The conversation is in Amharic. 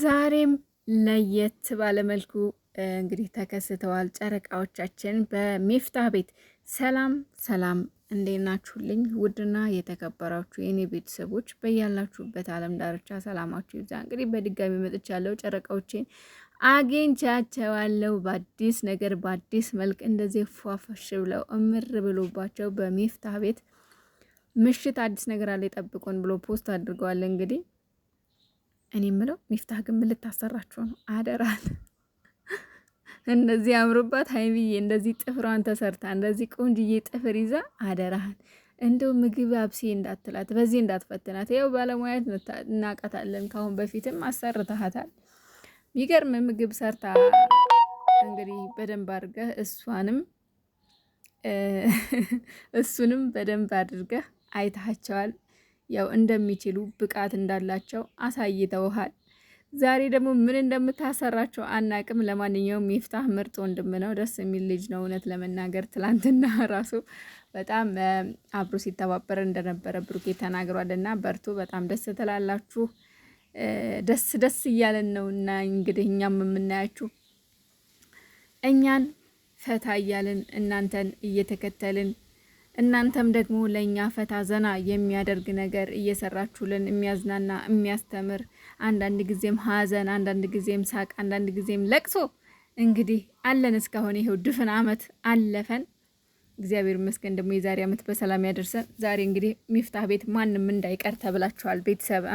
ዛሬም ለየት ባለመልኩ እንግዲህ ተከስተዋል ጨረቃዎቻችን በሚፍታህ ቤት። ሰላም ሰላም፣ እንዴት ናችሁልኝ? ውድና የተከበራችሁ የኔ ቤተሰቦች በያላችሁበት አለም ዳርቻ ሰላማችሁ ይብዛ። እንግዲህ በድጋሚ መጥቻለሁ። ጨረቃዎቼን አግኝቻቸዋለሁ በአዲስ ነገር በአዲስ መልክ እንደዚህ ፏፈሽ ብለው እምር ብሎባቸው በሚፍታህ ቤት ምሽት አዲስ ነገር አለ ይጠብቁን ብሎ ፖስት አድርገዋል እንግዲህ እኔ የምለው ሚፍታህ ግን ምን ልታሰራችሁ ነው? አደራል እንደዚህ አምሮባት ሀይሚዬ እንደዚህ ጥፍሯን ተሰርታ እንደዚህ ቆንጅዬ ጥፍር ይዛ አደራህን እንደው ምግብ አብሴ እንዳትላት፣ በዚህ እንዳትፈትናት። ያው ባለሙያት እናቃታለን፣ ካሁን በፊትም አሰርታሃታል። ሚገርም ምግብ ሰርታ እንግዲህ በደንብ አድርገህ እሷንም እሱንም በደንብ አድርገህ አይታሃቸዋል። ያው እንደሚችሉ ብቃት እንዳላቸው አሳይተውሃል። ዛሬ ደግሞ ምን እንደምታሰራቸው አናቅም። ለማንኛውም ሚፍታህ ምርጥ ወንድም ነው፣ ደስ የሚል ልጅ ነው። እውነት ለመናገር ትላንትና ራሱ በጣም አብሮ ሲተባበር እንደነበረ ብሩኬ ተናግሯል። እና በርቱ፣ በጣም ደስ ትላላችሁ። ደስ ደስ እያለን ነው እና እንግዲህ እኛም የምናያችሁ እኛን ፈታ እያልን እናንተን እየተከተልን እናንተም ደግሞ ለእኛ ፈታ ዘና የሚያደርግ ነገር እየሰራችሁልን የሚያዝናና የሚያስተምር አንዳንድ ጊዜም ሀዘን አንዳንድ ጊዜም ሳቅ አንዳንድ ጊዜም ለቅሶ እንግዲህ አለን። እስካሁን ይሄው ድፍን ዓመት አለፈን። እግዚአብሔር ይመስገን ደግሞ የዛሬ ዓመት በሰላም ያደርሰን። ዛሬ እንግዲህ ሚፍታህ ቤት ማንም እንዳይቀር ተብላችኋል ቤተሰብ